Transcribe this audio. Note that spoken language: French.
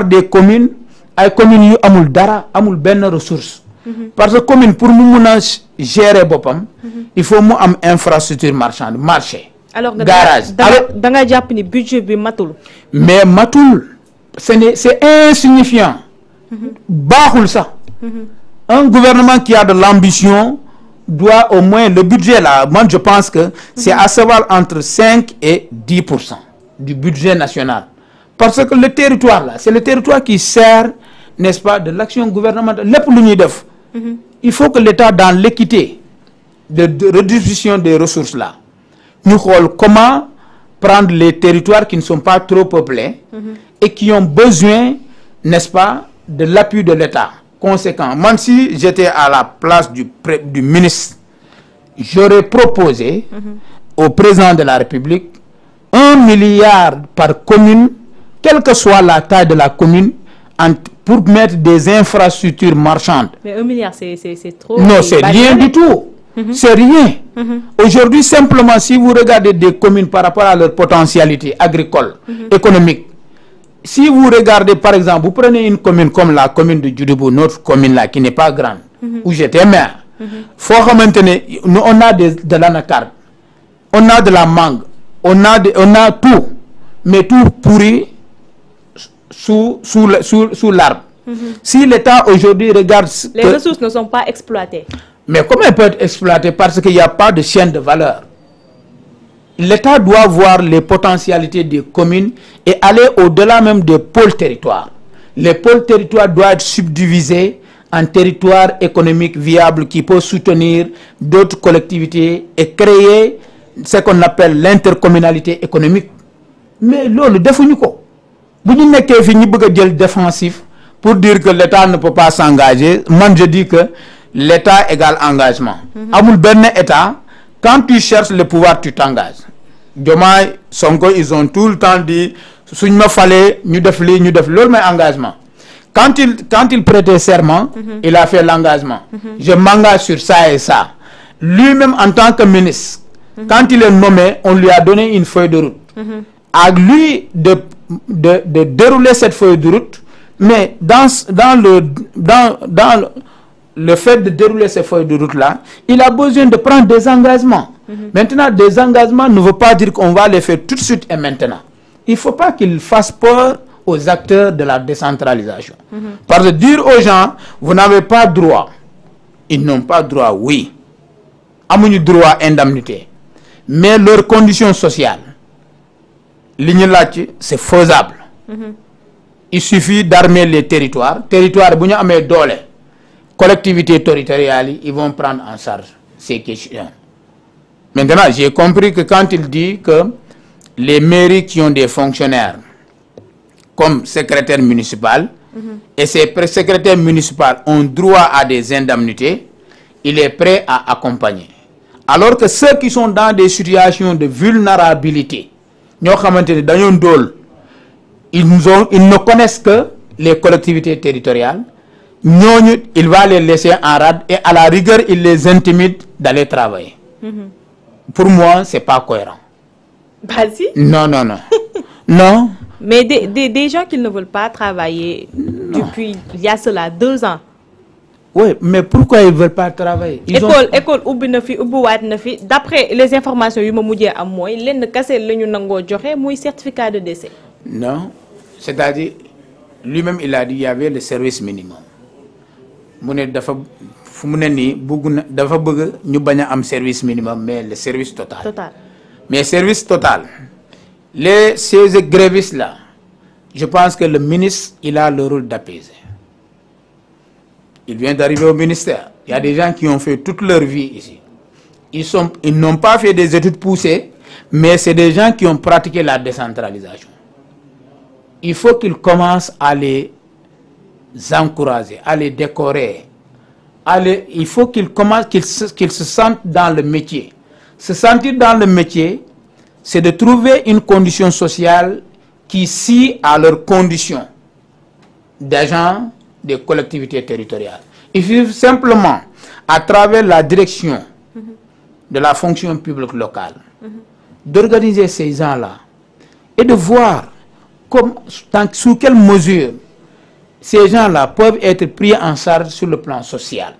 des communes ay communes yu amul dara amul benn ressources. parce que communes, pour nous mun gérer mhm. il faut mu am infrastructure marchande marché alors garage alors da nga budget bi matul mais matul c'est insignifiant mhm. baaxul ça. Mhm. un gouvernement qui a de l'ambition doit au moins le budget là moi je pense que c'est à savoir entre 5 et 10 du budget national parce que le territoire là c'est le territoire qui sert n'est-ce pas de l'action gouvernementale lépp mm-hmm. il faut que l'État dans l'équité de, redistribution des ressources là nous comment prendre les territoires qui ne sont pas trop peuplés mm-hmm. et qui ont besoin n'est-ce pas de l'appui de l'État conséquent même si j'étais à la place du du ministre j'aurais proposé mm-hmm. au président de la République un milliard par commune quelle que soit la taille de la commune, pour mettre des infrastructures marchandes. Mais un milliard, c'est trop. Non, c'est rien du tout. Mhm. C'est rien. Mhm. Aujourd'hui, simplement, si vous regardez des communes par rapport à leur potentialité agricole, mhm. économique, si vous regardez, par exemple, vous prenez une commune comme la commune de Djudibou, notre commune là, qui n'est pas grande, où j'étais maire, faut maintenant, nous, on a de, de l'anacarde, on a de la mangue, on a, on a tout, mais tout pourri, sous, sous, sous, l'arbre. Mhm. Si l'État aujourd'hui regarde... Les ressources ne sont pas exploitées. Mais comment elles peuvent être exploitées Parce qu'il n'y a pas de chaîne de valeur. L'État doit voir les potentialités des communes et aller au-delà même des pôles territoires. Les pôles territoires doivent être subdivisés en territoires économiques viables qui peuvent soutenir d'autres collectivités et créer ce qu'on appelle l'intercommunalité économique. Mais là le définit quoi défensif pour dire que l'État ne peut pas s'engager, Moi je dis que l'État égale engagement. Mhm. amul benn état quand tu cherches le pouvoir tu t'engages. Demain, Sonko ils ont tout le temps dit suñ ma me ñu def lii ñu def engagement quand il quand il prêtait serment. Mhm. il a fait l'engagement. Mhm. je m'engage sur ça et ça. lui-même en tant que ministre. quand il est nommé on lui a donné une feuille de route. à lui de de, dérouler cette feuille de route, mais dans, dans, le, dans, dans le, fait de dérouler ces feuilles de route-là, il a besoin de prendre des engagements. Mhm. Maintenant, des engagements ne veut pas dire qu'on va les faire tout de suite et maintenant. Il ne faut pas qu'ils fasse peur aux acteurs de la décentralisation. Mhm. Par Parce que dire aux gens, vous n'avez pas droit. Ils n'ont pas droit, oui. à mon droit à indemnité. Mais leurs conditions sociales, Ligne c'est faisable mhm. il suffit d'armer les territoires Territoires, collectivités territoriales ils vont prendre en charge ces questions maintenant j'ai compris que quand il dit que les mairies qui ont des fonctionnaires comme secrétaire municipal mhm. et ces secrétaires municipaux ont droit à des indemnités il est prêt à accompagner alors que ceux qui sont dans des situations de vulnérabilité ils nous ont ils ne connaissent que les collectivités territoriales il va les laisser en rade et à la rigueur il les intimide d'aller travailler mm-hmm. pour moi ce n'est pas cohérent Vas-y. non non non non mais des, des, gens qui ne veulent pas travailler depuis il y a cela deux ans oui, mais pourquoi ils ne veulent pas travailler École, école, ou na fi, oubli D'après les informations que j'ai à moi, ont cassé le nango certificat de décès. Non, c'est-à-dire, lui-même il a dit qu'il y avait le service minimum. Il a dit qu'il bougna dafa bëgg ñu baña service minimum mais le service total. Total. Mais service total. Les ces grévistes là, je pense que le ministre il a le rôle d'apaiser. Il vient d'arriver au ministère. Il y a des gens qui ont fait toute leur vie ici. Ils n'ont ils pas fait des études poussées, mais c'est des gens qui ont pratiqué la décentralisation. Il faut qu'ils commencent à les encourager, à les décorer. À il faut qu'ils commencent, qu'ils se sentent dans le métier. Se sentir dans le métier, c'est de trouver une condition sociale qui, si à leurs conditions d'agents, des collectivités territoriales. Il suffit simplement, à travers la direction de la fonction publique locale, d'organiser ces gens-là et de voir sous quelle mesure ces gens-là peuvent être pris en charge sur le plan social.